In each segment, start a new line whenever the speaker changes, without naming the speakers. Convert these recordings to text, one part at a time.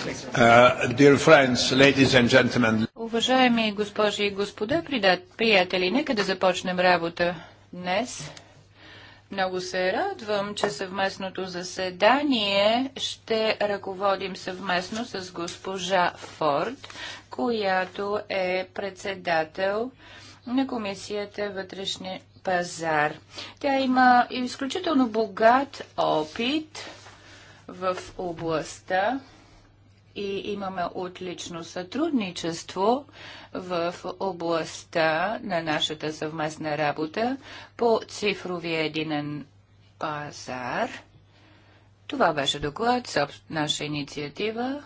Uh, friends,
Уважаеми госпожи и господа, приятели, нека да започнем работа днес. Много се радвам, че съвместното заседание ще ръководим съвместно с госпожа Форд, която е председател на Комисията вътрешни пазар. Тя има изключително богат опит в областта и имаме отлично сътрудничество в областта на нашата съвместна работа по цифровия единен пазар. Това беше доклад, наша инициатива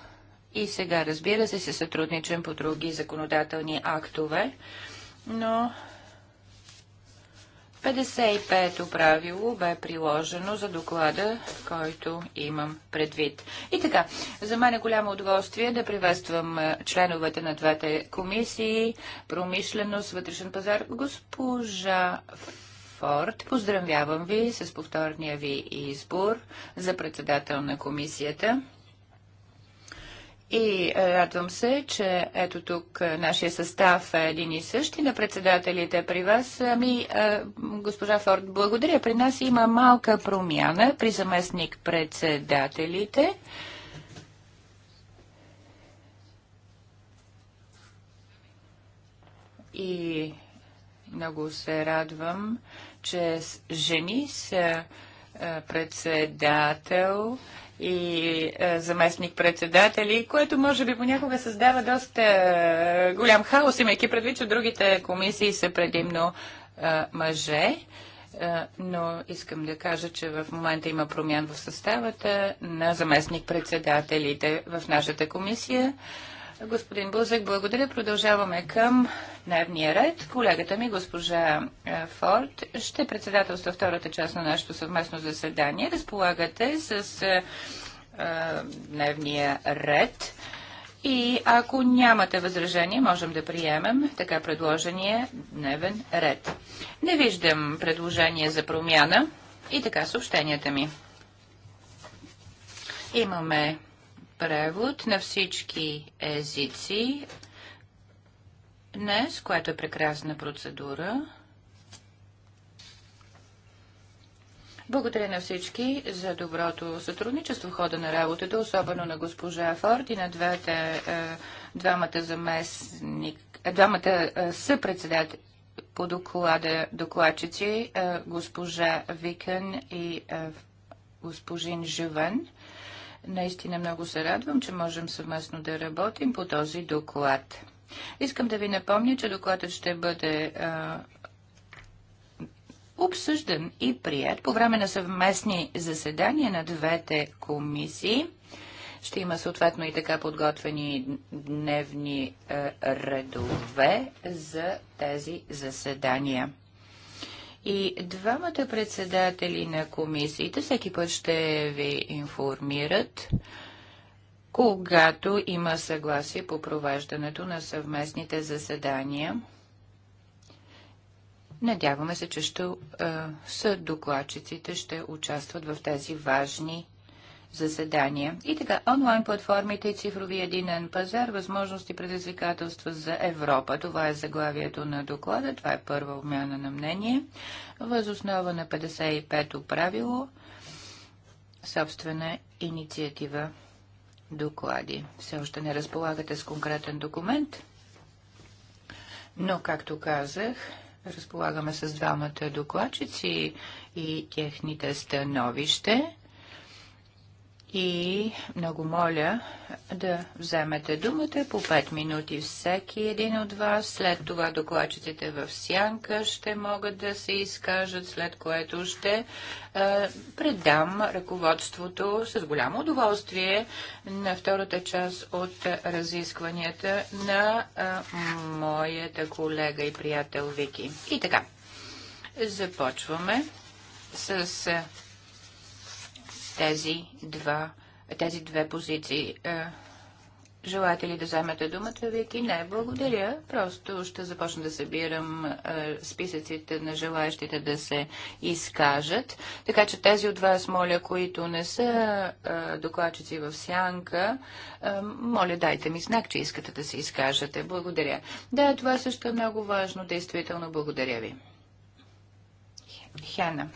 и сега, разбира се, се сътрудничам по други законодателни актове, но 55-то правило бе приложено за доклада, който имам предвид. И така, за мен е голямо удоволствие да приветствам е, членовете на двете комисии, промишленост, вътрешен пазар, госпожа Форд. Поздравявам ви с повторния ви избор за председател на комисията. И е, радвам се, че ето тук е, нашия състав е един и същи на председателите при вас. Ами, е, госпожа Форд, благодаря. При нас има малка промяна при заместник председателите. И много се радвам, че жени са председател и е, заместник-председатели, което може би понякога създава доста е, голям хаос, имайки предвид, че другите комисии са предимно е, мъже но искам да кажа, че в момента има промян в съставата на заместник-председателите в нашата комисия. Господин Бузек, благодаря. Продължаваме към дневния ред. Колегата ми, госпожа е, Форд, ще председателства втората част на нашето съвместно заседание. Разполагате с е, е, дневния ред. И ако нямате възражение, можем да приемем така предложения дневен ред. Не виждам предложение за промяна и така съобщенията ми. Имаме превод на всички езици днес, което е прекрасна процедура. Благодаря на всички за доброто сътрудничество в хода на работата, особено на госпожа Форд и на двете, е, двамата заместник, е, двамата е, съпредседатели по доклада докладчици, госпожа Викън и госпожин Живен. Наистина много се радвам, че можем съвместно да работим по този доклад. Искам да ви напомня, че докладът ще бъде а, обсъждан и прият по време на съвместни заседания на двете комисии. Ще има съответно и така подготвени дневни а, редове за тези заседания. И двамата председатели на комисиите всеки път ще ви информират, когато има съгласие по провеждането на съвместните заседания. Надяваме се, че ще, е, съдокладчиците ще участват в тези важни заседания. И така, онлайн платформите и цифрови единен пазар, възможности и предизвикателства за Европа. Това е заглавието на доклада, това е първа обмяна на мнение. Възоснова на 55-то правило, собствена инициатива доклади. Все още не разполагате с конкретен документ, но, както казах, разполагаме с двамата докладчици и техните становище и много моля да вземете думата по 5 минути всеки един от вас. След това докладчиците в сянка ще могат да се изкажат, след което ще е, предам ръководството с голямо удоволствие на втората част от разискванията на е, моята колега и приятел Вики. И така, започваме с е, тези, два, тези две позиции. Е, желаете ли да вземете думата, Вики? Не, благодаря. Просто ще започна да събирам е, списъците на желаящите да се изкажат. Така че тези от вас, моля, които не са е, докладчици в сянка, моля, дайте ми знак, че искате да се изкажете. Благодаря. Да, това също е много важно. Действително, благодаря ви. Хена,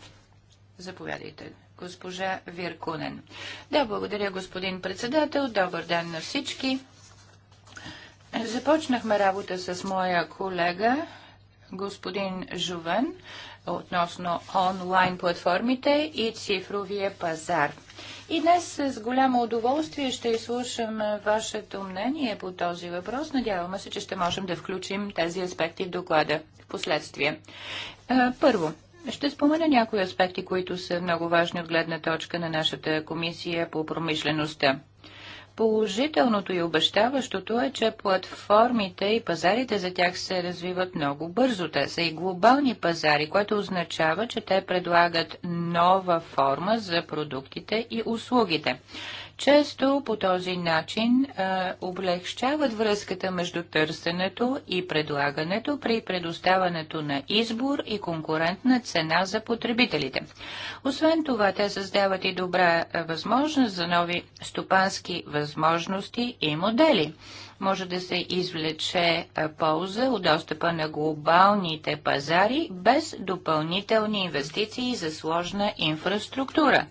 заповядайте госпожа Виркунен. Да, благодаря, господин председател. Добър ден на всички. Започнахме работа с моя колега, господин Жувен, относно онлайн платформите и цифровия пазар. И днес с голямо удоволствие ще изслушам вашето мнение по този въпрос. Надяваме се, че ще можем да включим тези аспекти в доклада в последствие. Е, първо, ще спомена някои аспекти, които са много важни от гледна точка на нашата комисия по промишлеността. Положителното и обещаващото е, че платформите и пазарите за тях се развиват много бързо. Те са и глобални пазари, което означава, че те предлагат нова форма за продуктите и услугите често по този начин а, облегчават връзката между търсенето и предлагането при предоставането на избор и конкурентна цена за потребителите. Освен това, те създават и добра възможност за нови стопански възможности и модели може да се извлече полза от достъпа на глобалните пазари без допълнителни инвестиции за сложна инфраструктура.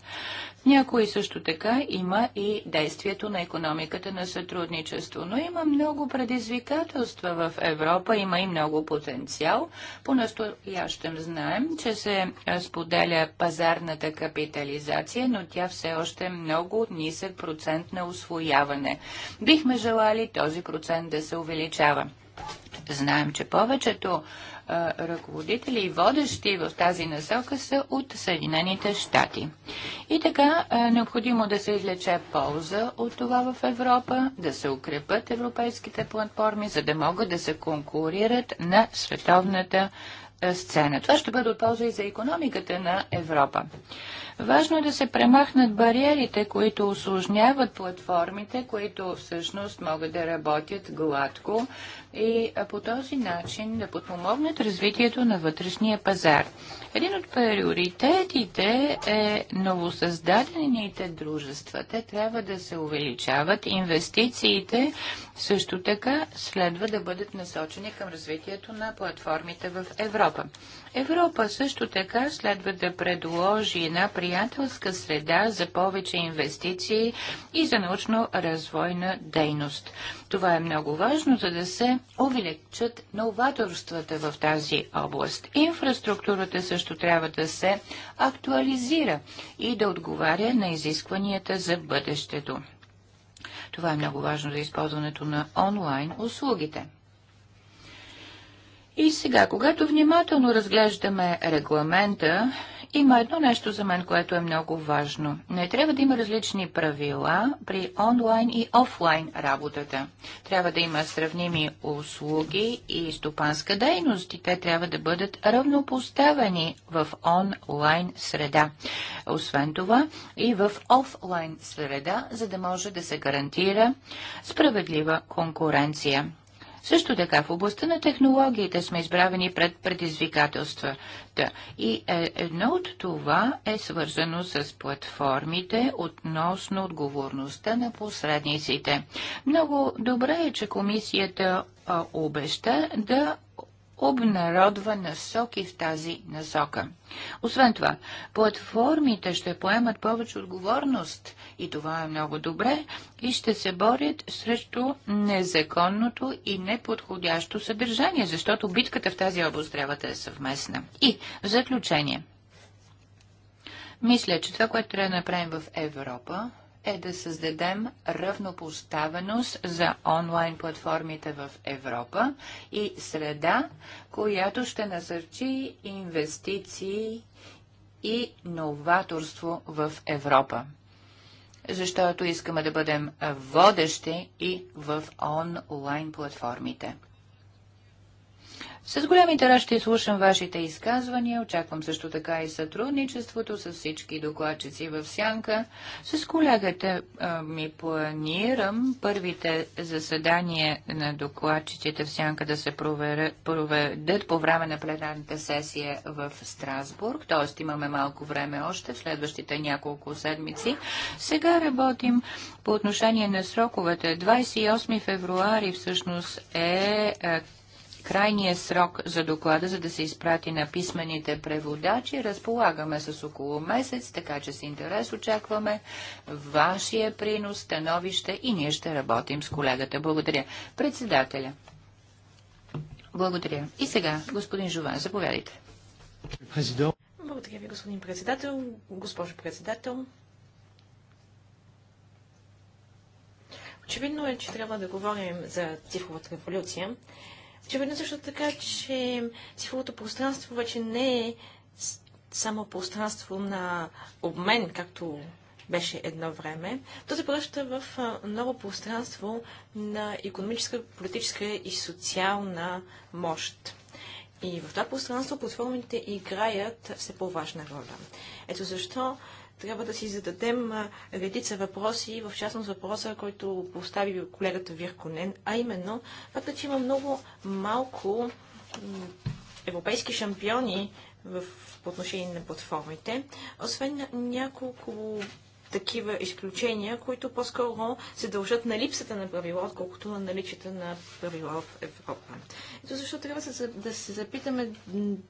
Някои също така има и действието на економиката на сътрудничество. Но има много предизвикателства в Европа, има и много потенциал. По-настоящем знаем, че се споделя пазарната капитализация, но тя все още е много нисък процент на освояване. Бихме желали този процент да се увеличава. Знаем, че повечето ръководители и водещи в тази насока са от Съединените щати. И така е необходимо да се излече полза от това в Европа, да се укрепят европейските платформи, за да могат да се конкурират на световната сцена. Това ще бъде от полза и за економиката на Европа. Важно е да се премахнат бариерите, които осложняват платформите, които всъщност могат да работят гладко и по този начин да подпомогнат развитието на вътрешния пазар. Един от приоритетите е новосъздадените дружества. Те трябва да се увеличават. Инвестициите също така следва да бъдат насочени към развитието на платформите в Европа. Европа също така следва да предложи една приятелска среда за повече инвестиции и за научно-развойна дейност. Това е много важно, за да се увеличат новаторствата в тази област. Инфраструктурата също трябва да се актуализира и да отговаря на изискванията за бъдещето. Това е много важно за използването на онлайн услугите. И сега, когато внимателно разглеждаме регламента, има едно нещо за мен, което е много важно. Не трябва да има различни правила при онлайн и офлайн работата. Трябва да има сравними услуги и стопанска дейност и те трябва да бъдат равнопоставени в онлайн среда. Освен това и в офлайн среда, за да може да се гарантира справедлива конкуренция. Също така в областта на технологиите сме избравени пред предизвикателства. Да. И е, едно от това е свързано с платформите относно отговорността на посредниците. Много добре е, че комисията обеща да обнародва насоки в тази насока. Освен това, платформите ще поемат повече отговорност и това е много добре и ще се борят срещу незаконното и неподходящо съдържание, защото битката в тази област трябва да е съвместна. И в заключение, мисля, че това, което трябва да направим в Европа, е да създадем равнопоставеност за онлайн платформите в Европа и среда, която ще насърчи инвестиции и новаторство в Европа. Защото искаме да бъдем водещи и в онлайн платформите. С голям интерес ще изслушам вашите изказвания. Очаквам също така и сътрудничеството с всички докладчици в Сянка. С колегата а, ми планирам първите заседания на докладчиците в Сянка да се проверят, проведат по време на пленарната сесия в Страсбург. Т.е. имаме малко време още в следващите няколко седмици. Сега работим по отношение на сроковете. 28 февруари всъщност е крайния срок за доклада, за да се изпрати на писмените преводачи. Разполагаме с около месец, така че с интерес очакваме вашия принос, становище и ние ще работим с колегата. Благодаря. Председателя. Благодаря. И сега, господин Жуван, заповядайте.
Благодаря ви, господин председател. Госпожо председател, Очевидно е, че трябва да говорим за цифровата революция Очевидно също така, че цифровото пространство вече не е само пространство на обмен, както беше едно време. То се превръща в ново пространство на економическа, политическа и социална мощ. И в това пространство платформите играят все по-важна роля. Ето защо трябва да си зададем редица въпроси, в частност въпроса, който постави колегата Вирконен, а именно факта, че има много малко европейски шампиони в, по отношение на платформите, освен няколко такива изключения, които по-скоро се дължат на липсата на правила, отколкото на наличията на правила в Европа. Ето защо трябва да се запитаме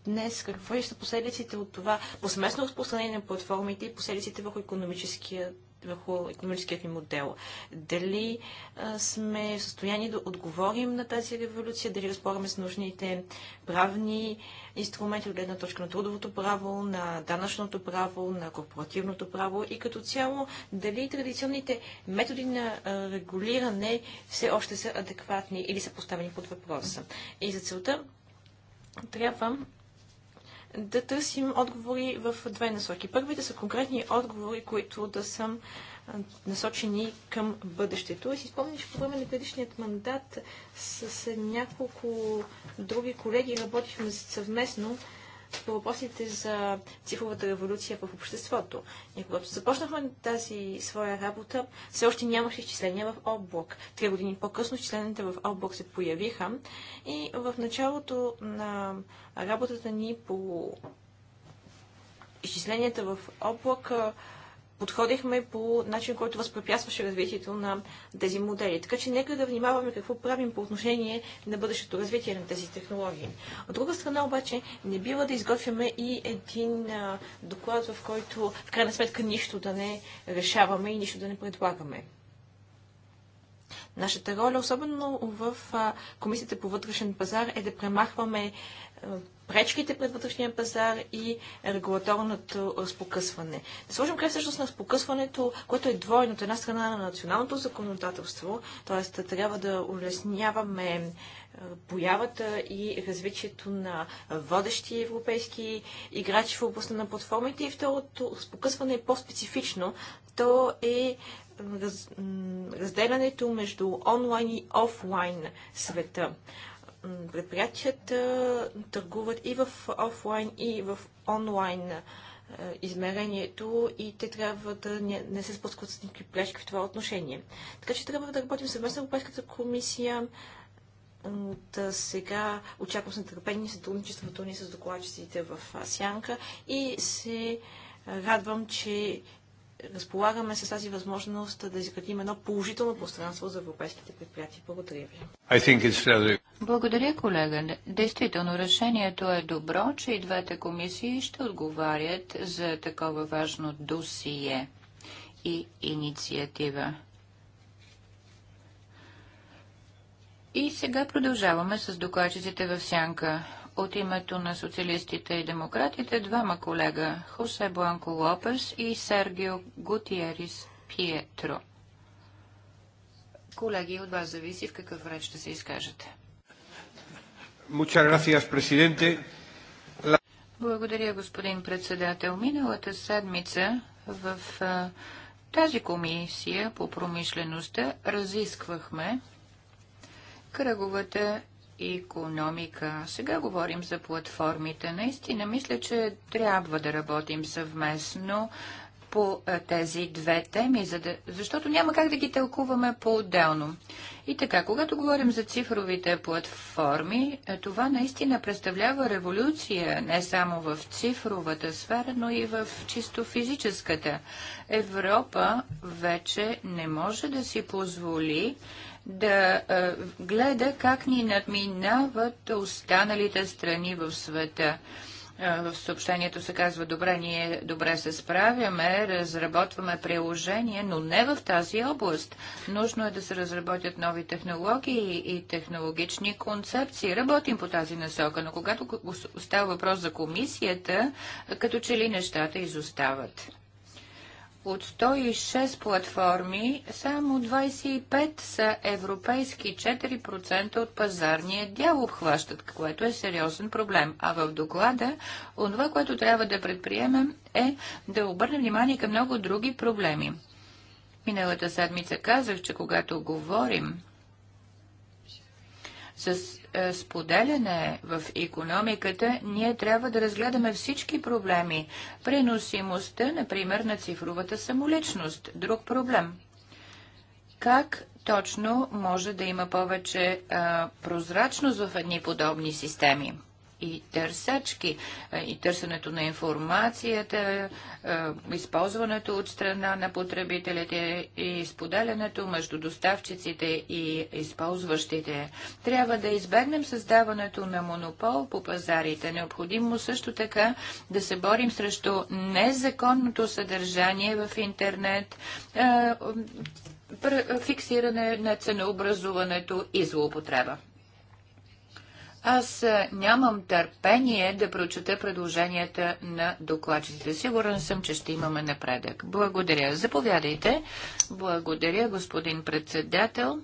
днес какво ще са последиците от това посместно разпространение на платформите и последиците върху економическия върху економическият ни модел. Дали а, сме в състояние да отговорим на тази революция, дали разполагаме с нужните правни инструменти от гледна точка на трудовото право, на данъчното право, на корпоративното право и като цяло дали традиционните методи на регулиране все още са адекватни или са поставени под въпроса. И за целта трябва да търсим отговори в две насоки. Първите са конкретни отговори, които да са насочени към бъдещето. И си спомням, че по време на предишният мандат с няколко други колеги работихме съвместно по въпросите за цифровата революция в обществото. И когато започнахме тази своя работа, все още нямаше изчисления в облак. Три години по-късно изчисленията в облак се появиха и в началото на работата ни по изчисленията в облак подходихме по начин, който възпрепятстваше развитието на тези модели. Така че нека да внимаваме какво правим по отношение на бъдещето развитие на тези технологии. От друга страна обаче не бива да изготвяме и един а, доклад, в който в крайна сметка нищо да не решаваме и нищо да не предлагаме. Нашата роля, особено в Комисията по вътрешен пазар, е да премахваме пречките пред вътрешния пазар и регулаторното разпокъсване. Да сложим край всъщност на разпокъсването, което е двойно от една страна на националното законодателство, т.е. трябва да улесняваме появата и развитието на водещи европейски играчи в областта на платформите и второто разпокъсване е по-специфично. То е раз, разделянето между онлайн и офлайн света. Предприятията търгуват и в офлайн, и в онлайн е, измерението и те трябва да не, не се спускат с никакви плешки в това отношение. Така че трябва да работим съвместно с Европейската комисия. Да сега очаквам с нетърпение сътрудничеството ни с докладчиците в Сянка и се радвам, че разполагаме с тази възможност да изградим едно положително пространство за европейските предприятия. Благодаря
ви. Благодаря, колега. Действително, решението е добро, че и двете комисии ще отговарят за такова важно досие и инициатива. И сега продължаваме с докладчиците в сянка. От името на социалистите и демократите двама колега Хосе Бланко Лопес и Сергио Гутиерис Пиетро. Колеги, от вас зависи в какъв ред ще се изкажете. Благодаря, господин председател. Миналата седмица в тази комисия по промишлеността разисквахме кръговата економика. Сега говорим за платформите. Наистина, мисля, че трябва да работим съвместно по тези две теми, за да, защото няма как да ги тълкуваме по-отделно. И така, когато говорим за цифровите платформи, това наистина представлява революция не само в цифровата сфера, но и в чисто физическата. Европа вече не може да си позволи да гледа как ни надминават останалите страни в света. В съобщението се казва, добре, ние добре се справяме, разработваме приложение, но не в тази област. Нужно е да се разработят нови технологии и технологични концепции. Работим по тази насока, но когато става въпрос за комисията, като че ли нещата изостават. От 106 платформи, само 25 са европейски, 4% от пазарния дял обхващат, което е сериозен проблем. А в доклада, онова, което трябва да предприемем, е да обърнем внимание към много други проблеми. Миналата седмица казах, че когато говорим с е, споделяне в економиката, ние трябва да разгледаме всички проблеми. Преносимостта, например, на цифровата самоличност. Друг проблем. Как точно може да има повече а, прозрачност в едни подобни системи? и търсачки. И търсенето на информацията, използването от страна на потребителите и споделянето между доставчиците и използващите. Трябва да избегнем създаването на монопол по пазарите. Необходимо също така да се борим срещу незаконното съдържание в интернет фиксиране на ценообразуването и злоупотреба. Аз е, нямам търпение да прочета предложенията на докладчиците. Сигурен съм, че ще имаме напредък. Благодаря. Заповядайте. Благодаря, господин председател.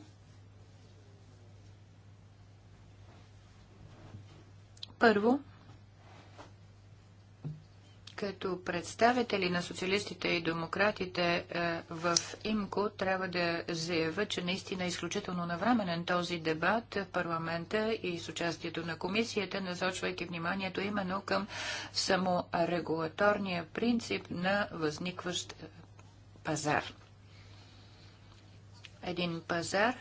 Първо, като представители на социалистите и демократите е, в ИМКО трябва да заявя, че наистина е изключително навременен този дебат в парламента и с участието на комисията, насочвайки вниманието именно към саморегулаторния принцип на възникващ е, пазар. Един пазар,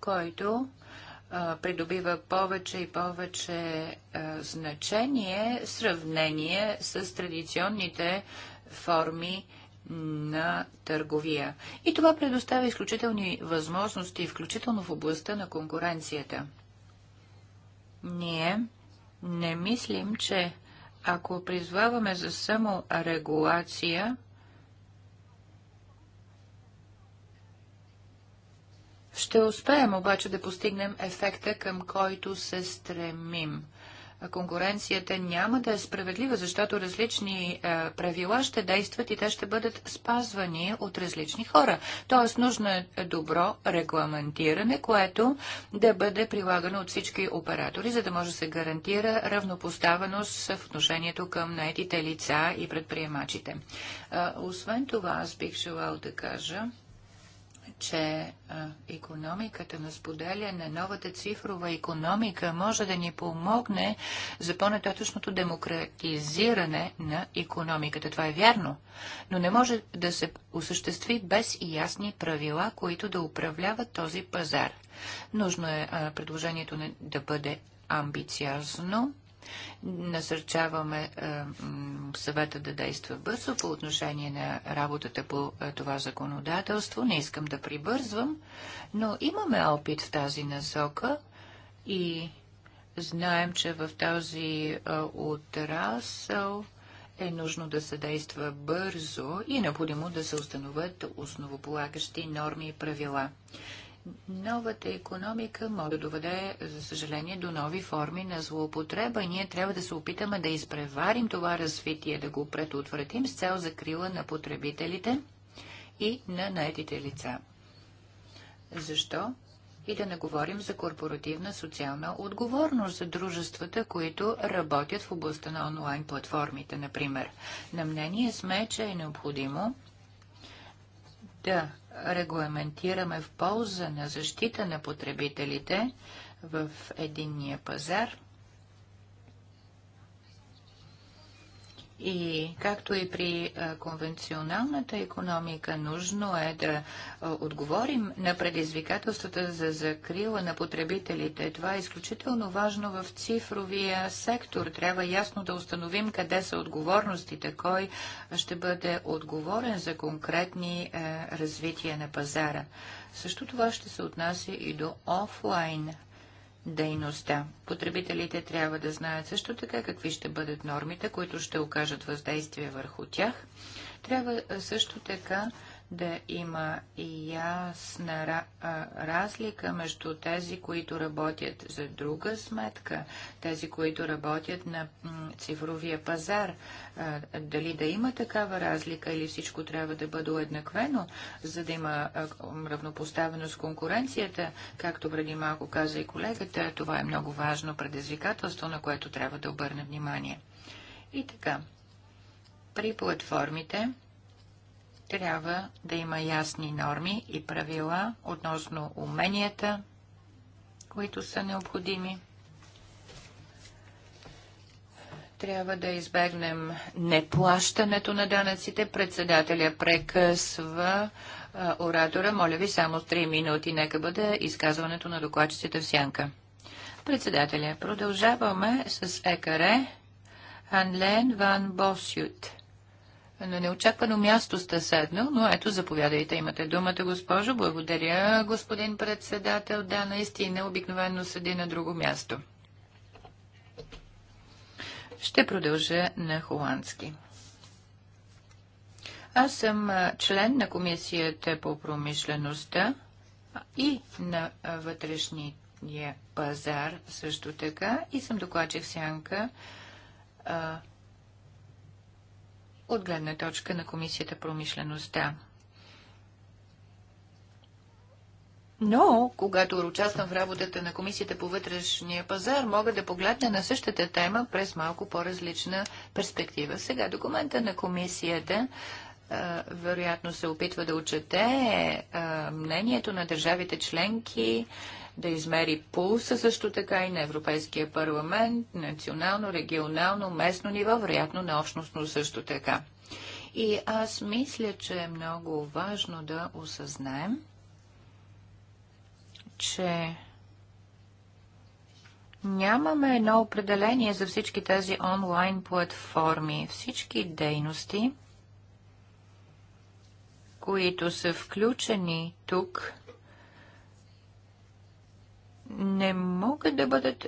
който придобива повече и повече значение в сравнение с традиционните форми на търговия. И това предоставя изключителни възможности, включително в областта на конкуренцията. Ние не мислим, че ако призваваме за саморегулация, Ще успеем обаче да постигнем ефекта, към който се стремим. Конкуренцията няма да е справедлива, защото различни е, правила ще действат и те ще бъдат спазвани от различни хора. Тоест, нужно е добро регламентиране, което да бъде прилагано от всички оператори, за да може да се гарантира равнопоставеност в отношението към наетите лица и предприемачите. Е, освен това, аз бих желал да кажа, че економиката на споделяне, новата цифрова економика може да ни помогне за по-нататъчното демократизиране на економиката. Това е вярно, но не може да се осъществи без ясни правила, които да управляват този пазар. Нужно е предложението да бъде амбициозно, Насърчаваме е, съвета да действа бързо по отношение на работата по е, това законодателство. Не искам да прибързвам, но имаме опит в тази насока и знаем, че в този е, отрасъл е нужно да се действа бързо и необходимо да се установят основополагащи норми и правила новата економика може да доведе, за съжаление, до нови форми на злоупотреба. Ние трябва да се опитаме да изпреварим това развитие, да го предотвратим с цел закрила на потребителите и на наетите лица. Защо? И да не говорим за корпоративна социална отговорност за дружествата, които работят в областта на онлайн платформите, например. На мнение сме, че е необходимо да регламентираме в полза на защита на потребителите в единния пазар – И както и при конвенционалната економика, нужно е да отговорим на предизвикателствата за закрила на потребителите. Това е изключително важно в цифровия сектор. Трябва ясно да установим къде са отговорностите, кой ще бъде отговорен за конкретни развития на пазара. Също това ще се отнася и до офлайн дейността. Потребителите трябва да знаят също така какви ще бъдат нормите, които ще окажат въздействие върху тях. Трябва също така да има ясна разлика между тези, които работят за друга сметка, тези, които работят на цифровия пазар. Дали да има такава разлика или всичко трябва да бъде уеднаквено, за да има равнопоставеност конкуренцията, както преди малко каза и колегата, това е много важно предизвикателство, на което трябва да обърне внимание. И така, при платформите, трябва да има ясни норми и правила относно уменията, които са необходими. Трябва да избегнем неплащането на данъците. Председателя прекъсва а, оратора. Моля ви, само 3 минути. Нека бъде изказването на докладчиците в сянка. Председателя, продължаваме с ЕКАРЕ Анлен Ван Босют на неочаквано място сте седнал, но ето, заповядайте, имате думата, госпожо. Благодаря, господин председател. Да, наистина, обикновено седи на друго място. Ще продължа на холандски. Аз съм член на Комисията по промишлеността и на вътрешния пазар също така и съм докладчик сянка от гледна точка на Комисията промишлеността. Но, когато участвам в работата на Комисията по вътрешния пазар, мога да погледна на същата тема през малко по-различна перспектива. Сега документа на Комисията е, вероятно се опитва да отчете е, мнението на държавите членки, да измери пулса също така и на Европейския парламент, национално, регионално, местно ниво, вероятно на общностно също така. И аз мисля, че е много важно да осъзнаем, че нямаме едно определение за всички тези онлайн платформи. Всички дейности – които са включени тук, не могат да бъдат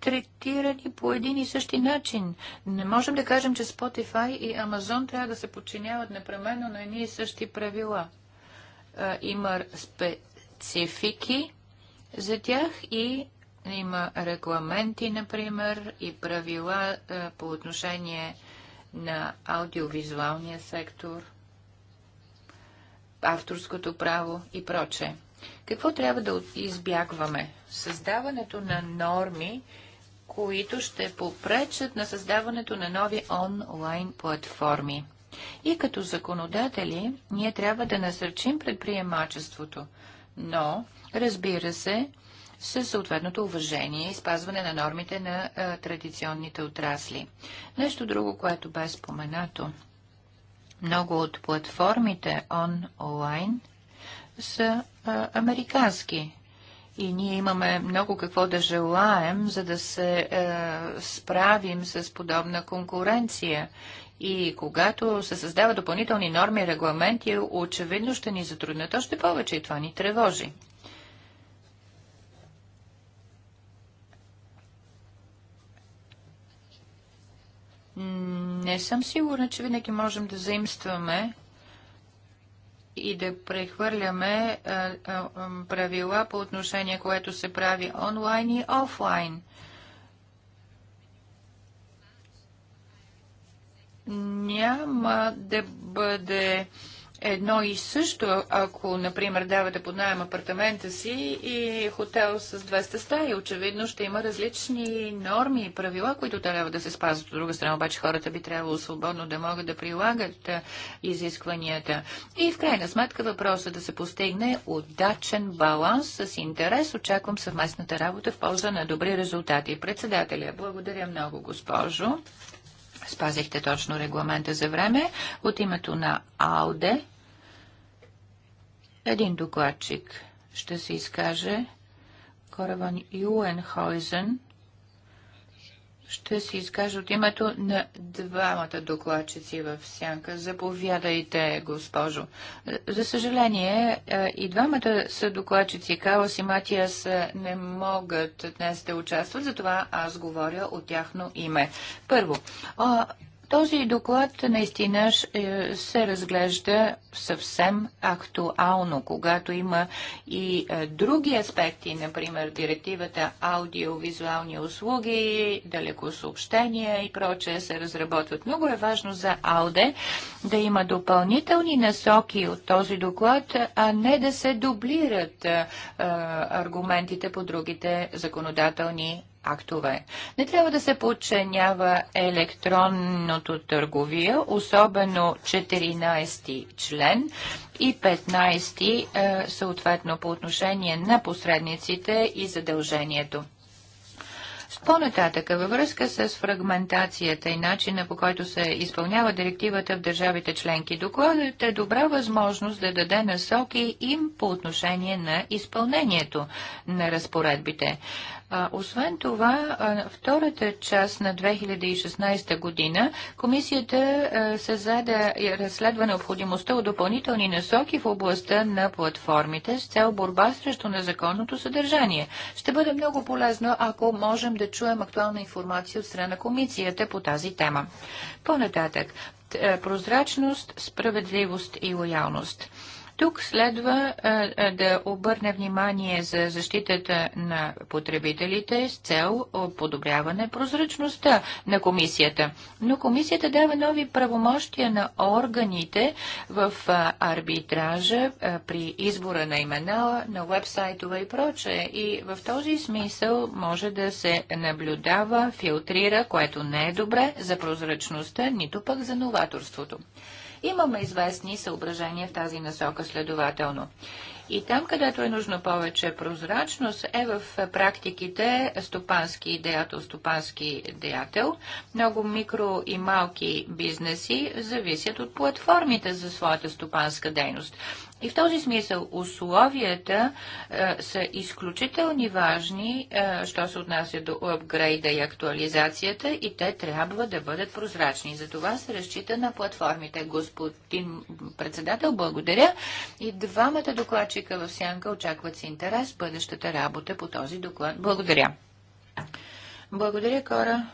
третирани по един и същи начин. Не можем да кажем, че Spotify и Amazon трябва да се подчиняват непременно на едни и същи правила. Има специфики за тях и има регламенти, например, и правила по отношение на аудиовизуалния сектор – авторското право и прочее. Какво трябва да избягваме? Създаването на норми, които ще попречат на създаването на нови онлайн платформи. И като законодатели, ние трябва да насърчим предприемачеството, но, разбира се, със съответното уважение и спазване на нормите на а, традиционните отрасли. Нещо друго, което бе споменато – много от платформите онлайн са а, американски. И ние имаме много какво да желаем, за да се е, справим с подобна конкуренция. И когато се създават допълнителни норми и регламенти, очевидно ще ни затруднят още повече и това ни тревожи. Не съм сигурна, че винаги можем да заимстваме и да прехвърляме правила по отношение, което се прави онлайн и офлайн. Няма да бъде едно и също, ако, например, давате под найем апартамента си и хотел с 200 стаи, очевидно ще има различни норми и правила, които трябва да се спазват. От друга страна, обаче хората би трябвало свободно да могат да прилагат изискванията. И в крайна сметка въпросът е да се постигне удачен баланс с интерес. Очаквам съвместната работа в полза на добри резултати. Председателя, благодаря много, госпожо. Спазихте точно регламента за време. От името на АЛДЕ един докладчик ще се изкаже. Кораван Юенхойзен ще се изкажа от името на двамата докладчици в сянка. Заповядайте, госпожо. За съжаление, е, и двамата са докладчици. Калас и Матиас е, не могат днес да участват, затова аз говоря от тяхно име. Първо, този доклад наистина е, се разглежда съвсем актуално, когато има и е, други аспекти, например директивата аудиовизуални услуги, далекосъобщения и прочее се разработват. Много е важно за АУДЕ да има допълнителни насоки от този доклад, а не да се дублират е, аргументите по другите законодателни актове. Не трябва да се подчинява електронното търговия, особено 14 член и 15 е, съответно по отношение на посредниците и задължението. по нататъка във връзка с фрагментацията и начина по който се изпълнява директивата в държавите членки, докладът е добра възможност да даде насоки им по отношение на изпълнението на разпоредбите освен това, втората част на 2016 година комисията а, се заде разследва необходимостта от допълнителни насоки в областта на платформите с цел борба срещу незаконното съдържание. Ще бъде много полезно, ако можем да чуем актуална информация от страна на комисията по тази тема. По-нататък, прозрачност, справедливост и лоялност. Тук следва да обърне внимание за защитата на потребителите с цел подобряване прозрачността на комисията. Но комисията дава нови правомощия на органите в арбитража при избора на имена, на вебсайтове и прочее. И в този смисъл може да се наблюдава, филтрира, което не е добре за прозрачността, нито пък за новаторството. Имаме известни съображения в тази насока следователно. И там, където е нужно повече прозрачност, е в практиките стопански деятел, стопански деятел. Много микро и малки бизнеси зависят от платформите за своята стопанска дейност. И в този смисъл условията е, са изключително важни, е, що се отнася до апгрейда и актуализацията, и те трябва да бъдат прозрачни. За това се разчита на платформите. Господин председател, благодаря. И двамата докладчика в Сянка очакват с интерес бъдещата работа по този доклад. Благодаря. Благодаря, Кора.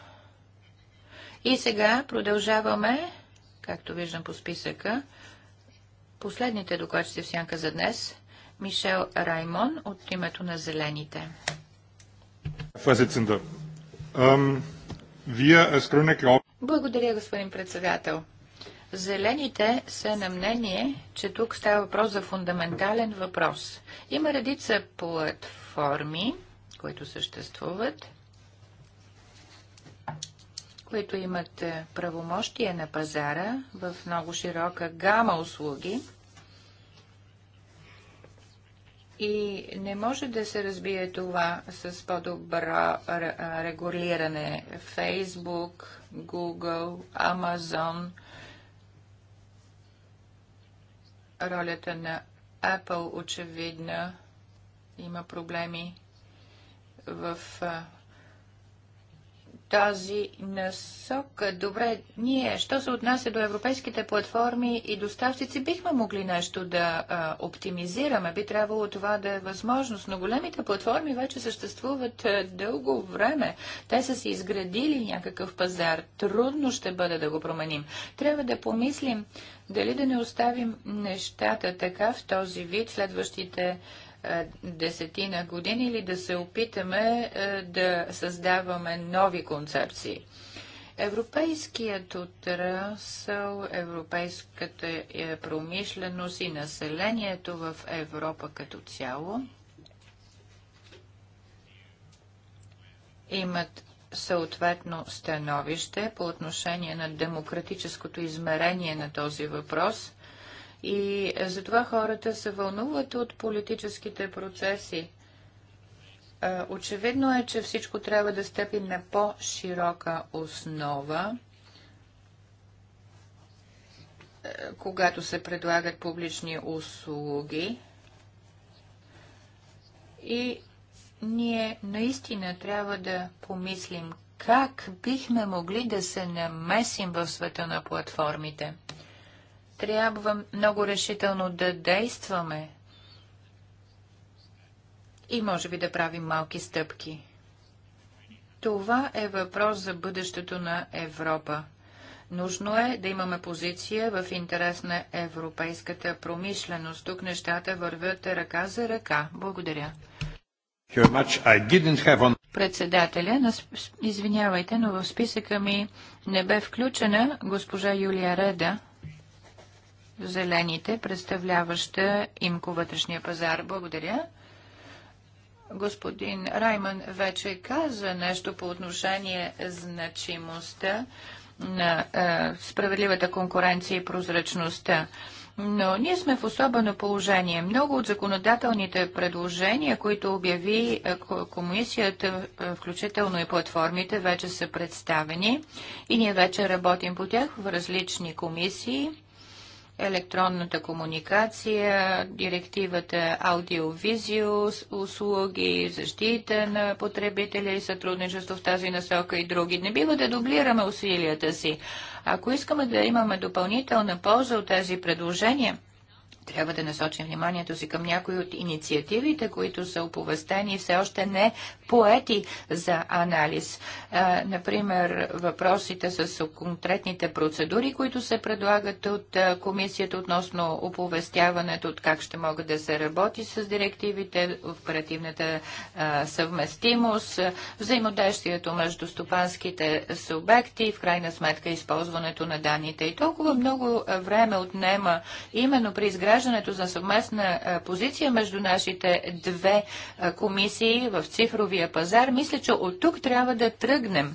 И сега продължаваме, както виждам по списъка, Последните докладчици в сянка за днес Мишел Раймон от името на Зелените. Ehm, Благодаря, господин председател. Зелените са на мнение, че тук става въпрос за фундаментален въпрос. Има редица платформи, които съществуват, които имат е, правомощие на пазара в много широка гама услуги и не може да се разбие това с по-добро регулиране. Facebook, Google, Amazon, ролята на Apple очевидна има проблеми в тази насока. Добре, ние, що се отнася до европейските платформи и доставчици, бихме могли нещо да а, оптимизираме. Би трябвало това да е възможност, но големите платформи вече съществуват а, дълго време. Те са си изградили някакъв пазар. Трудно ще бъде да го променим. Трябва да помислим дали да не оставим нещата така в този вид следващите е, десетина години или да се опитаме е, да създаваме нови концепции. Европейският отрасъл, европейската е, промишленост и населението в Европа като цяло имат съответно становище по отношение на демократическото измерение на този въпрос и затова хората се вълнуват от политическите процеси. Е, очевидно е, че всичко трябва да стъпи на по-широка основа, е, когато се предлагат публични услуги. И ние наистина трябва да помислим как бихме могли да се намесим в света на платформите трябва много решително да действаме и може би да правим малки стъпки. Това е въпрос за бъдещето на Европа. Нужно е да имаме позиция в интерес на европейската промишленост. Тук нещата вървят ръка за ръка. Благодаря. Председателя, извинявайте, но в списъка ми не бе включена госпожа Юлия Реда зелените, представляваща имко вътрешния пазар. Благодаря. Господин Райман вече каза нещо по отношение значимостта на е, справедливата конкуренция и прозрачността. Но ние сме в особено положение. Много от законодателните предложения, които обяви е, комисията, е, включително и платформите, вече са представени и ние вече работим по тях в различни комисии електронната комуникация, директивата аудиовизио услуги, защита на потребителя и сътрудничество в тази насока и други. Не бива да дублираме усилията си. Ако искаме да имаме допълнителна полза от тези предложения, трябва да насочим вниманието си към някои от инициативите, които са оповестени и все още не поети за анализ. например, въпросите с конкретните процедури, които се предлагат от комисията относно оповестяването, от как ще могат да се работи с директивите, оперативната съвместимост, взаимодействието между стопанските субекти и в крайна сметка използването на данните. И толкова много време отнема именно при изграждането изграждането за съвместна позиция между нашите две комисии в цифровия пазар, мисля, че от тук трябва да тръгнем.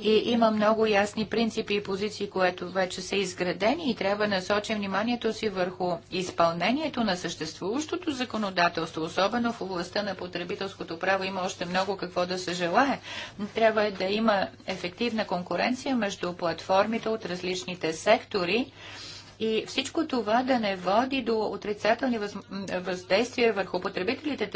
И има много ясни принципи и позиции, които вече са изградени и трябва да насочим вниманието си върху изпълнението на съществуващото законодателство, особено в областта на потребителското право има още много какво да се желае. Трябва да има ефективна конкуренция между платформите от различните сектори и всичко това да не води до отрицателни въздействия върху потребителите.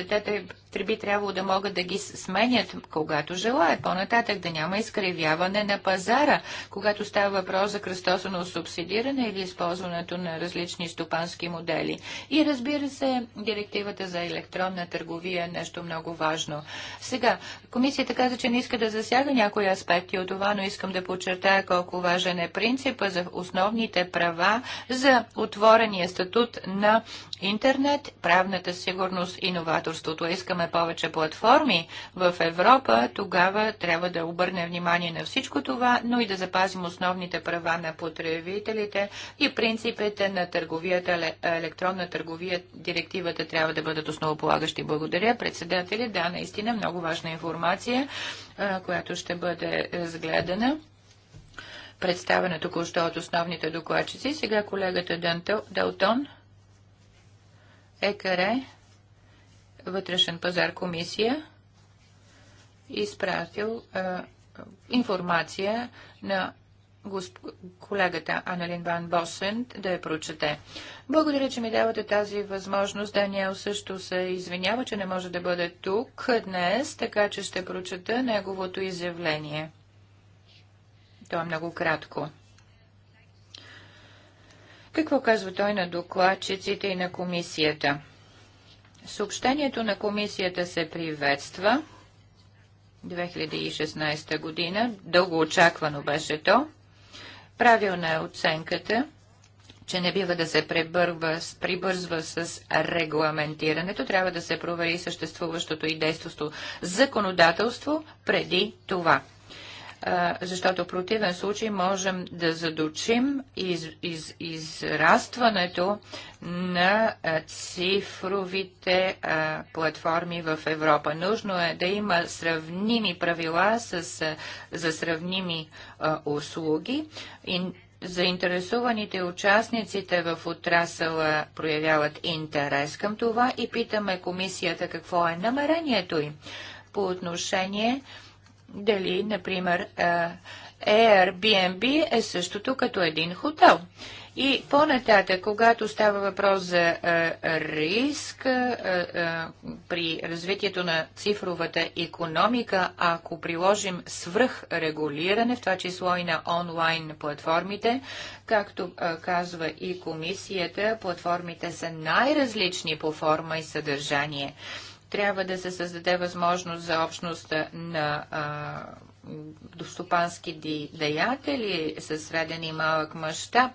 Те би трябвало да могат да ги сменят, когато желаят. По-нататък да няма изкривяване на пазара, когато става въпрос за кръстосано субсидиране или използването на различни стопански модели. И разбира се, директивата за електронна търговия е нещо много важно. Сега, комисията каза, че не иска да засяга някои аспекти от това, но искам да подчертая колко важен е принципа за основните права за отворения статут на интернет, правната сигурност и новаторството. Искаме повече платформи в Европа, тогава трябва да обърнем внимание на всичко това, но и да запазим основните права на потребителите и принципите на търговията, електронна търговия, директивата трябва да бъдат основополагащи. Благодаря, председатели. Да, наистина много важна информация, която ще бъде разгледана. Е, представена току-що от основните докладчици. Сега колегата Далтон, ЕКР, вътрешен пазар комисия, изпратил е, информация на госп... колегата Аналин Ван Босен да я прочете. Благодаря, че ми давате тази възможност. Даниел също се извинява, че не може да бъде тук днес, така че ще прочета неговото изявление. То е много кратко. Какво казва той на докладчиците и на комисията? Съобщението на комисията се приветства. 2016 година. Дълго очаквано беше то. Правилна е оценката, че не бива да се прибърва, прибързва с регламентирането. Трябва да се провери съществуващото и действащо законодателство преди това защото в противен случай можем да задучим из, из, израстването на цифровите платформи в Европа. Нужно е да има сравними правила с, за сравними услуги. И Заинтересуваните участниците в отрасъла проявяват интерес към това и питаме комисията какво е намерението им по отношение дали, например, е, Airbnb е същото като един хотел. И по-нататък, когато става въпрос за е, риск е, при развитието на цифровата економика, ако приложим свръхрегулиране, в това число и на онлайн платформите, както казва и комисията, платформите са най-различни по форма и съдържание. Трябва да се създаде възможност за общност на а, достопански деятели с среден и малък мащаб.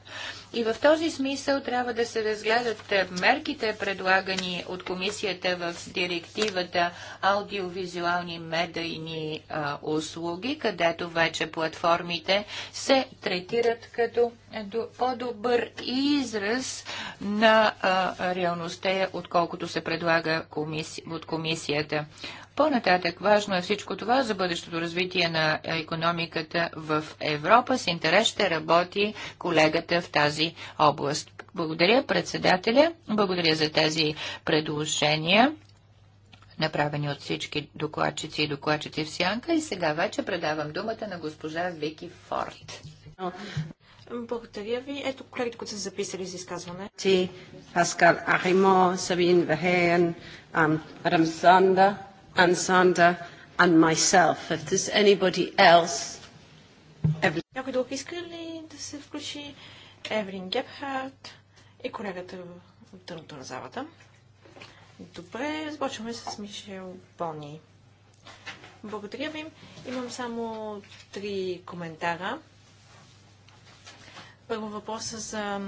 И в този смисъл трябва да се разгледат е, мерките, предлагани от комисията в директивата аудиовизуални медийни услуги, където вече платформите се третират като е до, по-добър израз на а, реалността, отколкото се предлага комиси, от комисията. По-нататък важно е всичко това за бъдещото развитие на економиката в Европа. С интерес ще работи колегата в тази област. Благодаря председателя, благодаря за тези предложения направени от всички докладчици и докладчици в сянка. И сега вече предавам думата на госпожа
Вики Форд. Благодаря ви. Ето колегите, които са записали за изказване.
Ти, Паскал Аримо, Сабин Вехен, Рамсанда,
Ансанда and myself. If there's anybody else... Every... Някой друг иска ли да се включи? Еврин Гепхарт и колегата от дъното на залата. Добре, започваме с Мишел Бони. Благодаря ви. Имам само три коментара. Първо въпроса за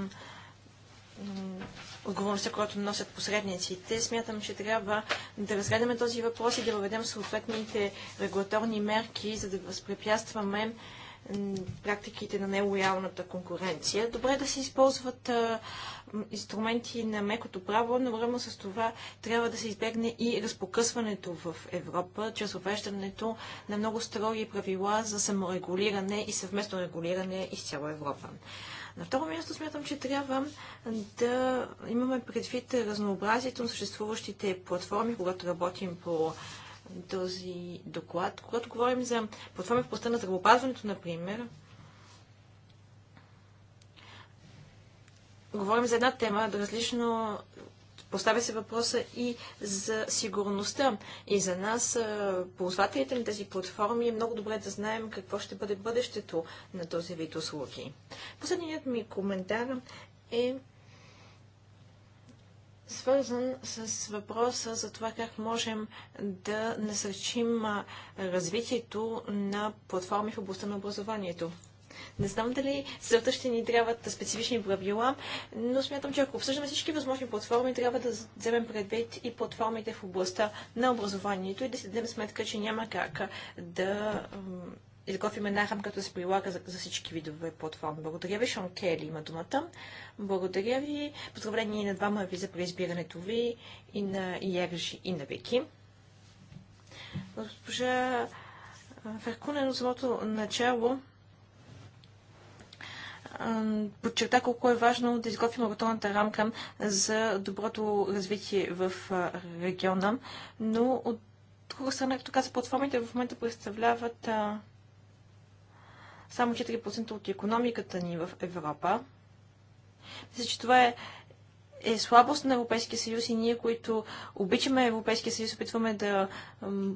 отговорността, която носят посредниците. Смятам, че трябва да разгледаме този въпрос и да въведем съответните регулаторни мерки, за да възпрепятстваме практиките на нелоялната конкуренция. Добре да се използват а, инструменти на мекото право, но време с това трябва да се избегне и разпокъсването в Европа, чрез въвеждането на много строги правила за саморегулиране и съвместно регулиране из цяла Европа. На второ място смятам, че трябва да имаме предвид разнообразието на съществуващите платформи, когато работим по този доклад. Когато говорим за платформи в областта на здравеопазването, например, говорим за една тема, различно Поставя се въпроса и за сигурността. И за нас, ползвателите на тези платформи, е много добре да знаем какво ще бъде бъдещето на този вид услуги. Последният ми коментар е свързан с въпроса за това как можем да насърчим развитието на платформи в областта на образованието. Не знам дали целта ще ни трябват специфични правила, но смятам, че ако обсъждаме всички възможни платформи, трябва да вземем предвид и платформите в областта на образованието и да си дадем сметка, че няма как да кофе ме нахам, като се прилага за, за всички видове платформи. Благодаря ви, Шон Кели има думата. Благодаря ви. Поздравление на двама ви за преизбирането ви и на Ерж и на Вики. Госпожа Феркунен от самото начало подчерта колко е важно да изготвим регулаторната рамка за доброто развитие в региона, но от друга страна, както каза, платформите в момента представляват а, само 4% от економиката ни в Европа. Мисля, че това е е слабост на Европейския съюз и ние, които обичаме Европейския съюз, опитваме да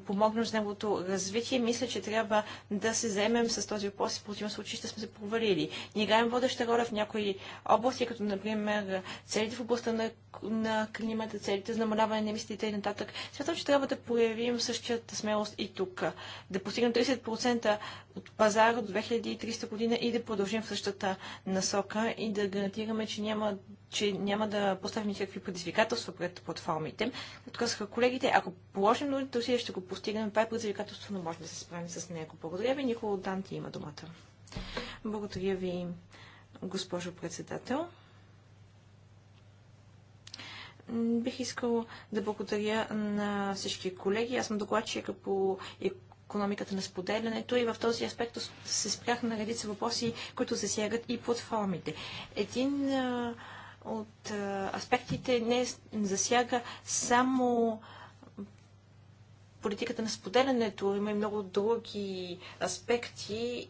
помогнем с неговото развитие. Мисля, че трябва да се заемем с този въпрос. В противен случай ще сме се провалили. Ние играем водеща роля в някои области, като например целите в областта на, на климата, целите за намаляване на емисиите и нататък. Смятам, че трябва да проявим същата смелост и тук. Да постигнем 30% от пазара до 2300 година и да продължим в същата насока и да гарантираме, че няма че няма да поставим никакви предизвикателства пред платформите. Като казаха колегите, ако положим нужните усилия, ще го постигнем. Това е предизвикателство, но може да се справим с него. Благодаря ви. Никола Данти има думата. Благодаря ви, госпожо председател. Бих искал да благодаря на всички колеги. Аз съм докладчик по економиката на споделянето и в този аспект се спрях на редица въпроси, които засягат и платформите. Един а, от аспектите не засяга само политиката на споделянето, има и много други аспекти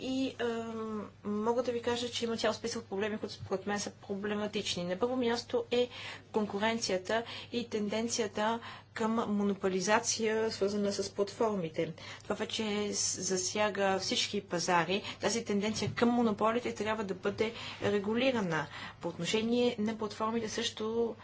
и е, мога да ви кажа, че има цял списък проблеми, които според мен са проблематични. На първо място е конкуренцията и тенденцията към монополизация, свързана с платформите. Това вече засяга всички пазари. Тази тенденция към монополите трябва да бъде регулирана. По отношение на платформите също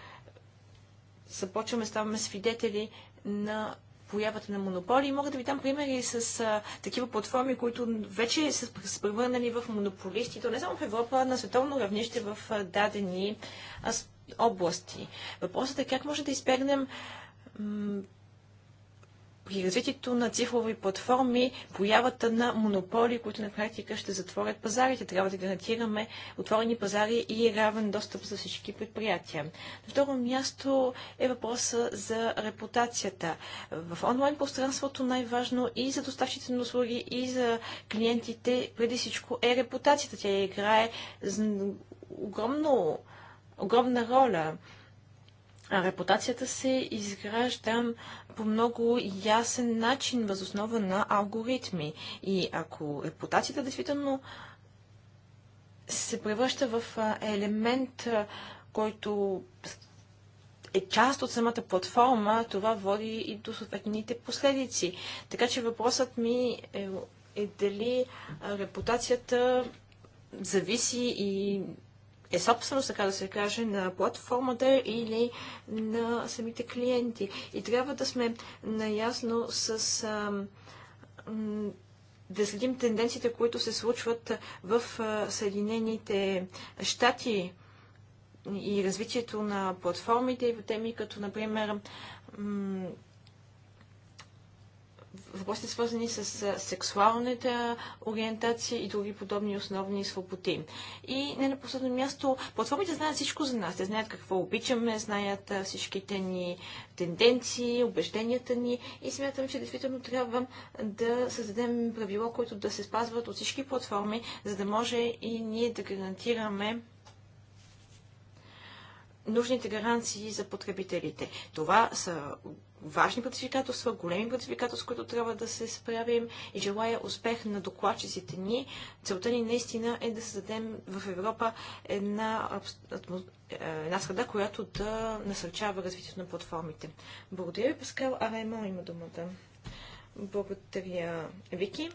започваме, ставаме свидетели на появата на монополи. Мога да ви дам примери с а, такива платформи, които вече са превърнали в монополисти, то не само в Европа, а на световно равнище в а, дадени а, области. Въпросът е как може да избегнем при развитието на цифрови платформи появата на монополи, които на практика ще затворят пазарите. Трябва да гарантираме отворени пазари и равен достъп за всички предприятия. На второ място е въпроса за репутацията. В онлайн пространството най-важно и за доставчите на услуги, и за клиентите преди всичко е репутацията. Тя играе огромно, огромна роля репутацията се изгражда по много ясен начин, възоснова на алгоритми. И ако репутацията действително се превръща в елемент, който е част от самата платформа, това води и до съответните последици. Така че въпросът ми е, е дали репутацията зависи и е собственост, така да се каже, на платформата или на самите клиенти. И трябва да сме наясно с. А, да следим тенденциите, които се случват в Съединените щати и развитието на платформите и теми като, например, въпросите свързани с сексуалната ориентация и други подобни основни свободи. И не на последно място, платформите знаят всичко за нас. Те знаят какво обичаме, знаят всичките ни тенденции, убежденията ни и смятам, че действително трябва да създадем правила, които да се спазват от всички платформи, за да може и ние да гарантираме нужните гаранции за потребителите. Това са важни предизвикателства, големи предизвикателства, с които трябва да се справим и желая успех на докладчиците ни. Целта ни наистина е да създадем в Европа една, е, една среда, която да насърчава развитието на платформите. Благодаря ви, Паскал. Аремо има думата. Благодаря, Вики.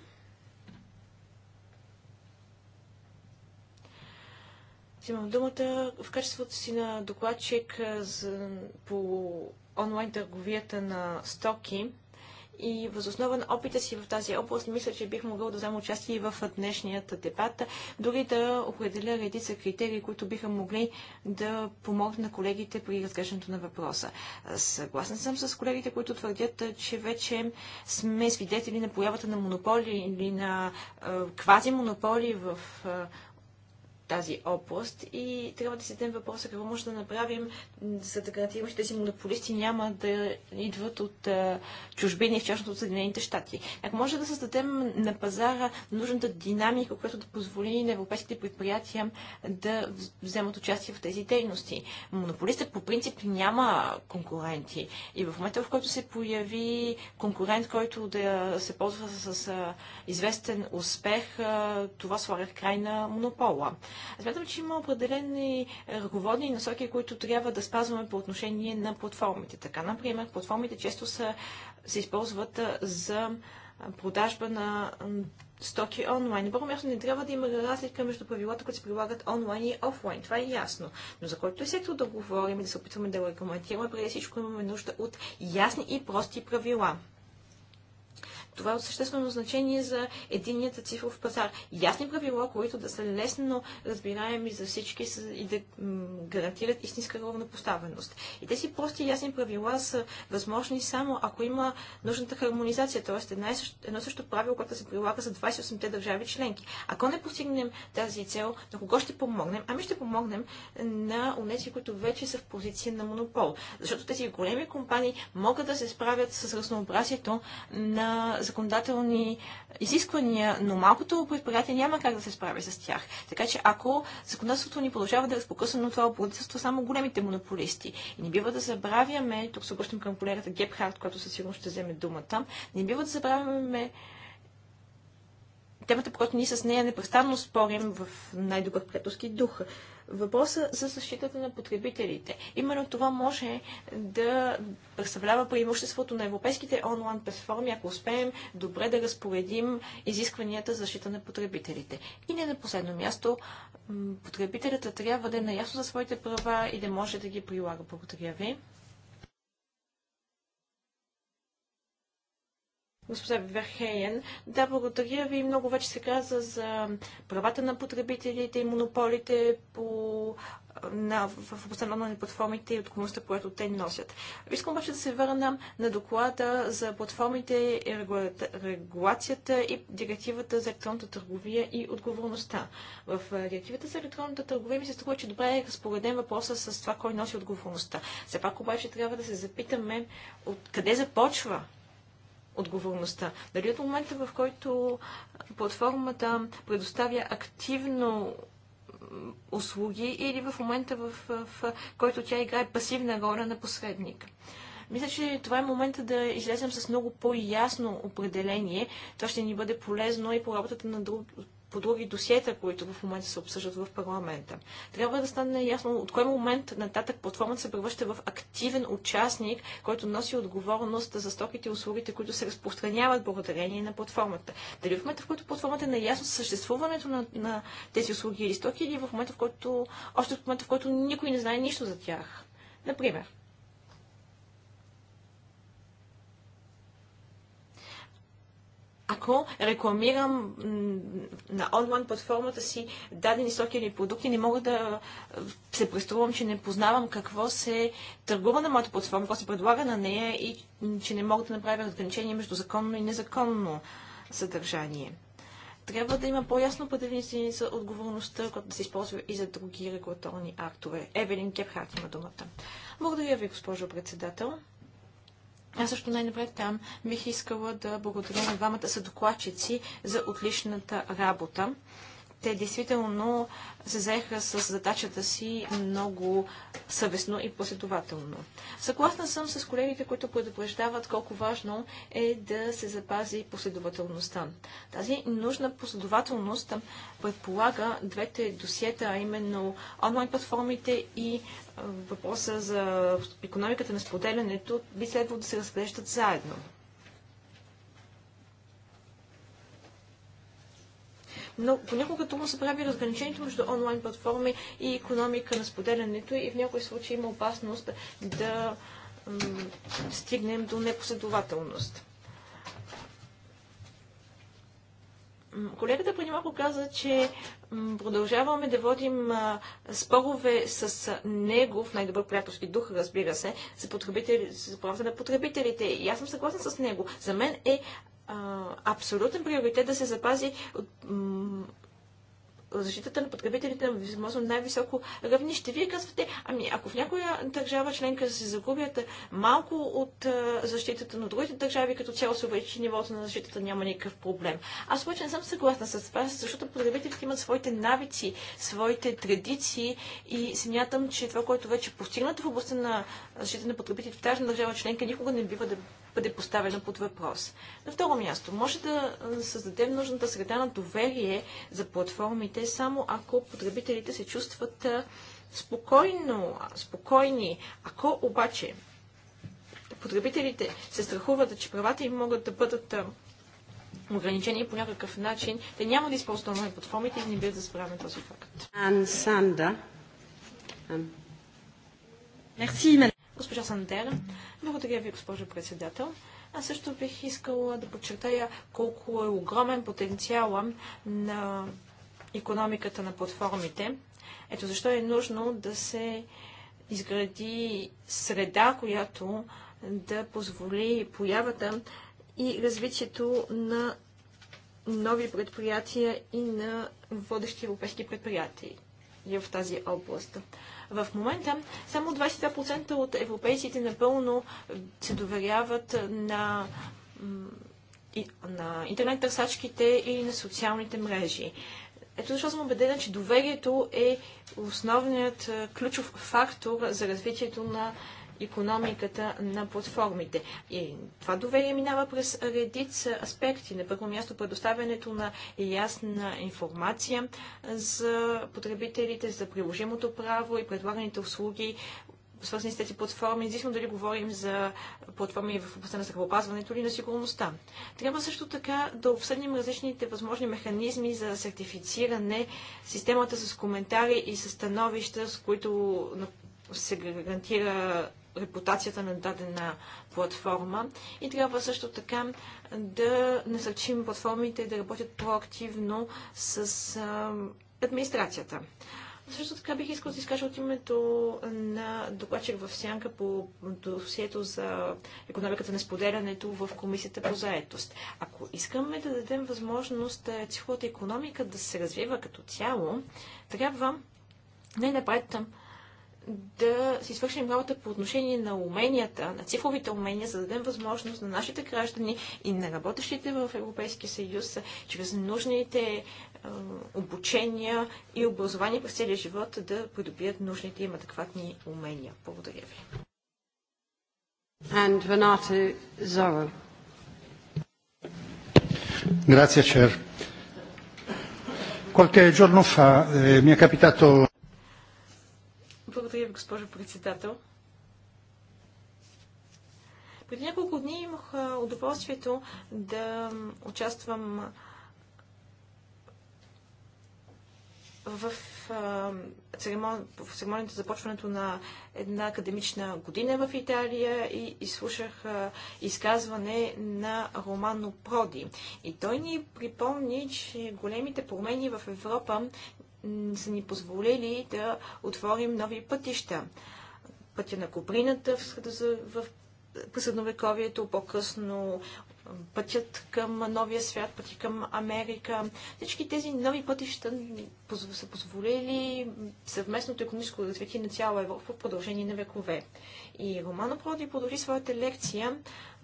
Взимам думата в качеството си на докладчик за, по онлайн търговията на стоки. И възоснова на опита си в тази област, мисля, че бих могъл да взема участие и в днешният дебат, дори да определя редица критерии, които биха могли да помогнат на колегите при разглеждането на въпроса. Съгласен съм с колегите, които твърдят, че вече сме свидетели на появата на монополи или на квази монополи в тази област и трябва да си дадем въпроса какво може да направим, за да гарантираме, че тези монополисти няма да идват от чужбини, в частност от Съединените щати. Ако може да създадем на пазара нужната динамика, която да позволи на европейските предприятия да вземат участие в тези дейности. Монополистът по принцип няма конкуренти и в момента, в който се появи конкурент, който да се ползва с, с известен успех, това слага край на монопола. Смятам, че има определени ръководни насоки, които трябва да спазваме по отношение на платформите. Така, например, платформите често са, се използват за продажба на стоки онлайн. На първо място не трябва да има разлика между правилата, които се прилагат онлайн и офлайн. Това е ясно. Но за който е сектор да говорим и да се опитваме да регламентираме, преди всичко имаме нужда от ясни и прости правила. Това е от съществено значение за единният цифров пазар. Ясни правила, които да са лесно разбираеми за всички и да гарантират истинска равнопоставеност. И тези прости ясни правила са възможни само ако има нужната хармонизация, т.е. едно също правило, което се прилага за 28-те държави членки. Ако не постигнем тази цел, на кого ще помогнем? Ами ще помогнем на унеси, които вече са в позиция на монопол. Защото тези големи компании могат да се справят с разнообразието на законодателни изисквания, но малкото предприятие няма как да се справи с тях. Така че ако законодателството ни продължава да е разпокъсано, това обладателство само големите монополисти. И не бива да забравяме, тук се обръщам към колегата Гепхарт, която със сигурност ще вземе думата, не бива да забравяме темата, по която ние с нея непрестанно спорим в най-добър приятелски дух. Въпросът за защитата на потребителите. Именно това може да представлява преимуществото на европейските онлайн платформи, ако успеем добре да разпоредим изискванията за защита на потребителите. И не на последно място, потребителята трябва да е наясно за своите права и да може да ги прилага. Благодаря ви. госпожа Верхейен. Да, благодаря ви. Много вече се каза за правата на потребителите и монополите по, на, в областта на платформите и отговорността, която те носят. Искам обаче да се върна на доклада за платформите, и регулацията и директивата за електронната търговия и отговорността. В директивата за електронната търговия ми се струва, че добре е разпореден въпроса с това, кой носи отговорността. Все пак обаче трябва да се запитаме от къде започва отговорността. Дали от момента, в който платформата предоставя активно услуги или в момента, в, в, в който тя играе пасивна роля на посредник. Мисля, че това е момента да излезем с много по-ясно определение. Това ще ни бъде полезно и по работата на друг, по други досиета, които в момента се обсъждат в парламента. Трябва да стане ясно от кой момент нататък платформата се превръща в активен участник, който носи отговорност за стоките и услугите, които се разпространяват благодарение на платформата. Дали в момента, в който платформата е наясно с съществуването на, на тези услуги или стоки, или в момента, в който, още в момента, в който никой не знае нищо за тях. Например, ако рекламирам на онлайн платформата си дадени стоки или продукти, не мога да се преструвам, че не познавам какво се търгува на моята платформа, какво се предлага на нея и че не мога да направя разграничение между законно и незаконно съдържание. Трябва да има по-ясно определение за отговорността, която да се използва и за други регулаторни актове. Евелин Кепхарт има думата. Благодаря ви, госпожо председател. Аз също най-напред там бих искала да благодаря на двамата съдокладчици за отличната работа те действително се заеха с задачата си много съвестно и последователно. Съгласна съм с колегите, които предупреждават колко важно е да се запази последователността. Тази нужна последователност предполага двете досиета, а именно онлайн платформите и е, въпроса за економиката на споделянето би следвало да се разглеждат заедно. но понякога трудно се прави разграничението между онлайн платформи и економика на споделянето и в някои случаи има опасност да стигнем до непоследователност. Колегата преди малко каза, че продължаваме да водим спорове с него в най-добър приятелски дух, разбира се, за, за правата на потребителите. И аз съм съгласна с него. За мен е абсолютен приоритет да се запази от, защитата на потребителите на възможно най-високо равнище. Вие казвате, ами ако в някоя държава членка се загубят малко от а, защитата, на другите държави като цяло се увеличи нивото на защитата, няма никакъв проблем. Аз обаче не съм съгласна с това, защото потребителите имат своите навици, своите традиции и смятам, че това, което вече е постигнато в областта на защита на потребителите в тази държава членка, никога не бива да бъде поставена под въпрос. На второ място, може да създадем нужната среда на доверие за платформите, само ако потребителите се чувстват спокойно, спокойни. Ако обаче потребителите се страхуват, че правата им могат да бъдат ограничени по някакъв начин, те няма да използват онлайн платформите и не бива да справим този факт. Ансанда. Мерси, Госпожа Сандера, благодаря ви, госпожо председател. Аз също бих искала да подчертая колко е огромен потенциал на економиката на платформите. Ето защо е нужно да се изгради среда, която да позволи появата и развитието на нови предприятия и на водещи европейски предприятия в тази област. В момента само 22% от европейците напълно се доверяват на на интернет-търсачките и на социалните мрежи. Ето защо съм убедена, че доверието е основният ключов фактор за развитието на економиката на платформите. И това доверие минава през редица аспекти. На първо място предоставянето на ясна информация за потребителите, за приложимото право и предлаганите услуги свързани с тези платформи, независимо дали говорим за платформи в областта на здравеопазването или на сигурността. Трябва също така да обсъдим различните възможни механизми за сертифициране, системата с коментари и с становища, с които се гарантира репутацията на дадена платформа и трябва също така да насърчим платформите да работят по-активно с а, администрацията. Също така бих искал да изкажа от името на докладчик в Сянка по досието за економиката на споделянето в Комисията по заедост. Ако искаме да дадем възможност е, цифровата економика да се развива като цяло, трябва най-напред да си свършим работа по отношение на уменията, на цифровите умения, за да дадем възможност на нашите граждани и на работещите в Европейския съюз, чрез нужните обучения и образование през целия живот, да придобият нужните им адекватни умения. Благодаря ви. And Grazie, Cher. Qualche giorno fa eh, mi è capitato благодаря ви, госпожо председател. Преди няколко дни имах удоволствието да участвам в, церемон, церемонията започването на една академична година в Италия и изслушах изказване на Романо Проди. И той ни припомни, че големите промени в Европа са ни позволили да отворим нови пътища. Пътя на Коприната в, в средновековието, по-късно пътят към новия свят, пъти към Америка. Всички тези нови пътища са позволили съвместното економическо развитие на цяла Европа в продължение на векове. И Романо Проди продължи своята лекция,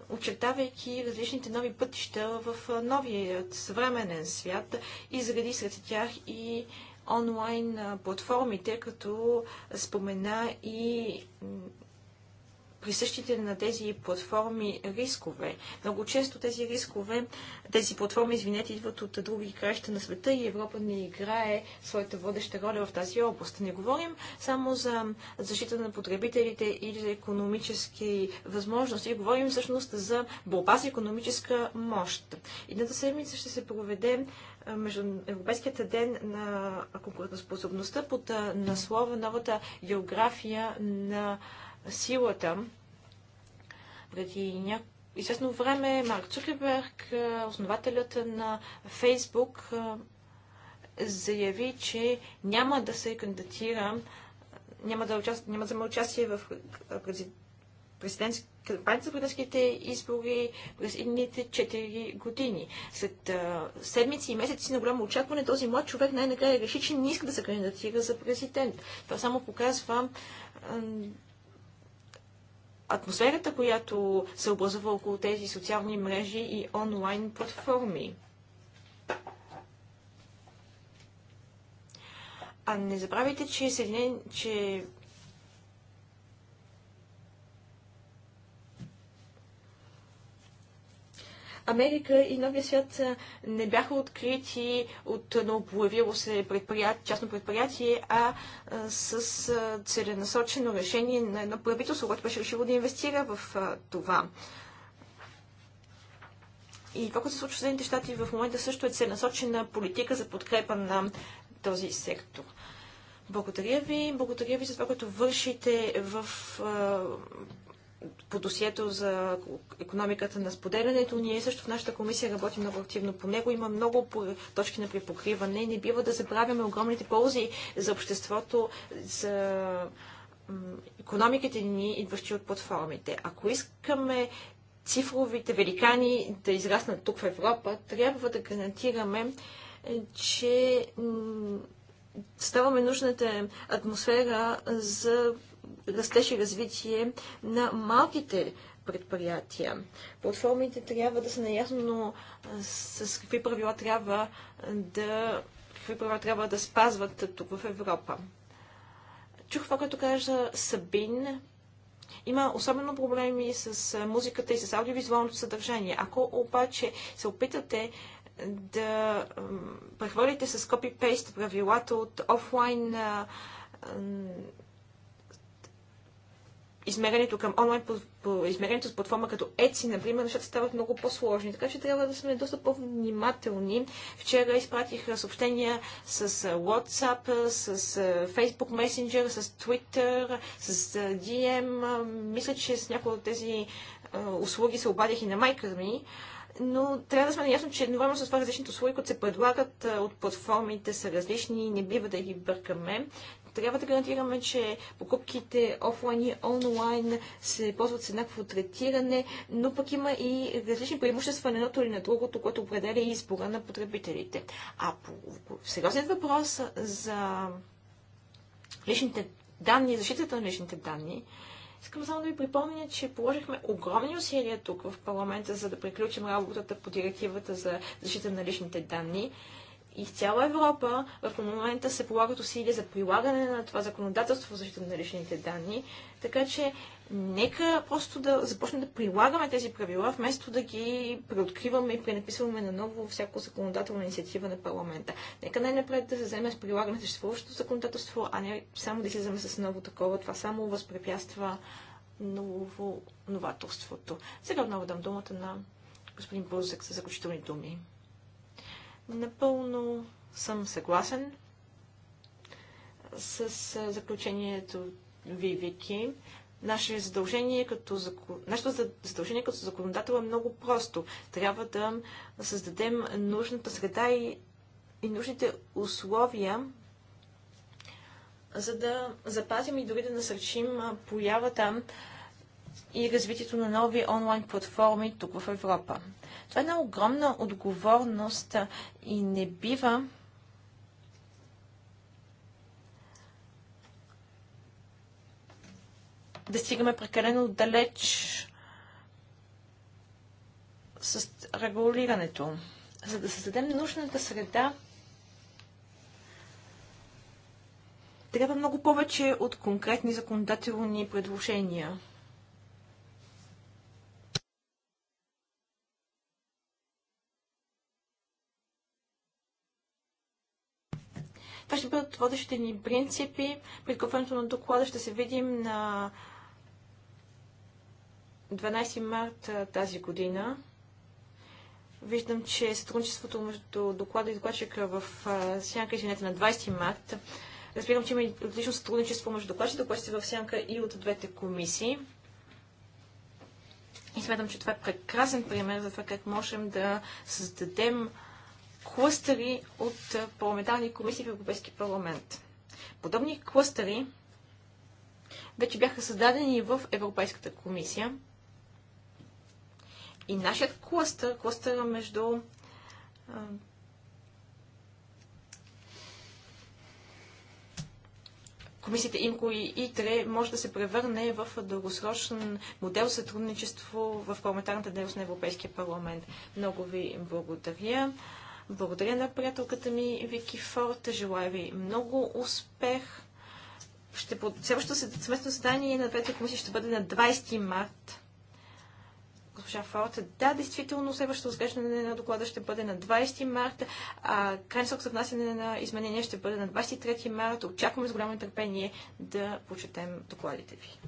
очертавайки различните нови пътища в новия съвременен свят и заради сред тях и онлайн платформите, като спомена и присъщите на тези платформи рискове. Много често тези рискове, тези платформи, извинете, идват от други краища на света и Европа не играе своята водеща роля в тази област. Не говорим само за защита на потребителите или за економически възможности, говорим всъщност за борба с економическа мощ. Едната седмица ще се проведе между Европейският ден на конкурентоспособността под наслова новата география на силата. Преди няко... известно време Марк Цукерберг, основателят на Фейсбук, заяви, че няма да се кандидатира, няма да, участ... няма да взема участие в кампанията за президентските избори през едните 4 години. След а, седмици и месеци на голямо очакване този млад човек най-накрая реши, че не иска да се кандидатира за президент. Това само показва а, атмосферата, която се образува около тези социални мрежи и онлайн платформи. А не забравяйте, че, Съединен... че Америка и Новия свят не бяха открити от новоплавило се предприят, частно предприятие, а с целенасочено решение на едно правителство, което беше решило да инвестира в това. И това, което се случва в Съединените щати в момента също е целенасочена политика за подкрепа на този сектор. Благодаря ви. Благодаря ви за това, което вършите в по досието за економиката на споделянето. Ние също в нашата комисия работим много активно по него. Има много точки на припокриване. Не бива да забравяме огромните ползи за обществото, за економиките ни, идващи от платформите. Ако искаме цифровите великани да израснат тук в Европа, трябва да гарантираме, че ставаме нужната атмосфера за растеж и развитие на малките предприятия. Платформите трябва да са наясно с какви правила трябва да, какви правила трябва да спазват тук в Европа. Чух това, което кажа Сабин. Има особено проблеми с музиката и с аудиовизуалното съдържание. Ако обаче се опитате да прехвърлите с копипейст правилата от офлайн измерението към онлайн, измерението с платформа като Etsy, например, нещата стават много по-сложни. Така че трябва да сме доста по-внимателни. Вчера изпратих съобщения с WhatsApp, с Facebook Messenger, с Twitter, с DM. Мисля, че с някои от тези услуги се обадих и на майка ми. Но трябва да сме наясно, че едновременно с това различните услуги, които се предлагат от платформите, са различни и не бива да ги бъркаме. Трябва да гарантираме, че покупките офлайн и онлайн се ползват с еднакво третиране, но пък има и различни преимущества на едното или на другото, което определя и избора на потребителите. А по сериозният въпрос за личните данни, защитата на личните данни, Искам само да ви припомня, че положихме огромни усилия тук в парламента, за да приключим работата по директивата за защита на личните данни. И в цяла Европа в момента се полагат усилия за прилагане на това законодателство за защита на личните данни, така че нека просто да започнем да прилагаме тези правила, вместо да ги преоткриваме и пренаписваме на ново всяко законодателна инициатива на парламента. Нека най-напред да се вземе с прилагане съществуващото законодателство, а не само да се вземе с ново такова. Това само възпрепятства ново новаторството. Сега отново дам думата на господин Бузък за заключителни думи. Напълно съм съгласен с заключението ви, Вики. Наше задължение като, нашето задължение като законодател е много просто. Трябва да създадем нужната среда и, и нужните условия, за да запазим и дори да насърчим появата и развитието на нови онлайн платформи тук в Европа. Това е една огромна отговорност и не бива да стигаме прекалено далеч с регулирането. За да създадем нужната среда, трябва много повече от конкретни законодателни предложения. Това ще бъдат водещите ни принципи. При на доклада ще се видим на 12 март тази година. Виждам, че сътрудничеството между доклада и докладчика в сянка, извинете, на 20 март. Разбирам, че има и отлично сътрудничество между което докладчите в сянка и от двете комисии. И смятам, че това е прекрасен пример за това как можем да създадем клъстери от парламентарни комисии в Европейски парламент. Подобни клъстери вече бяха създадени в Европейската комисия. И нашият клъстър, клъстъра между комисията ИМКО и ИТРЕ може да се превърне в дългосрочен модел сътрудничество в парламентарната дейност на Европейския парламент. Много ви благодаря. Благодаря на приятелката ми Вики Форта. Желая ви много успех. Ще под... Следващото съвместно задание на двете комисии ще бъде на 20 март. Госпожа Форта, да, действително, следващото разглеждане на доклада ще бъде на 20 марта, а срок за внасяне на изменения ще бъде на 23 марта. Очакваме с голямо търпение да почетем докладите ви.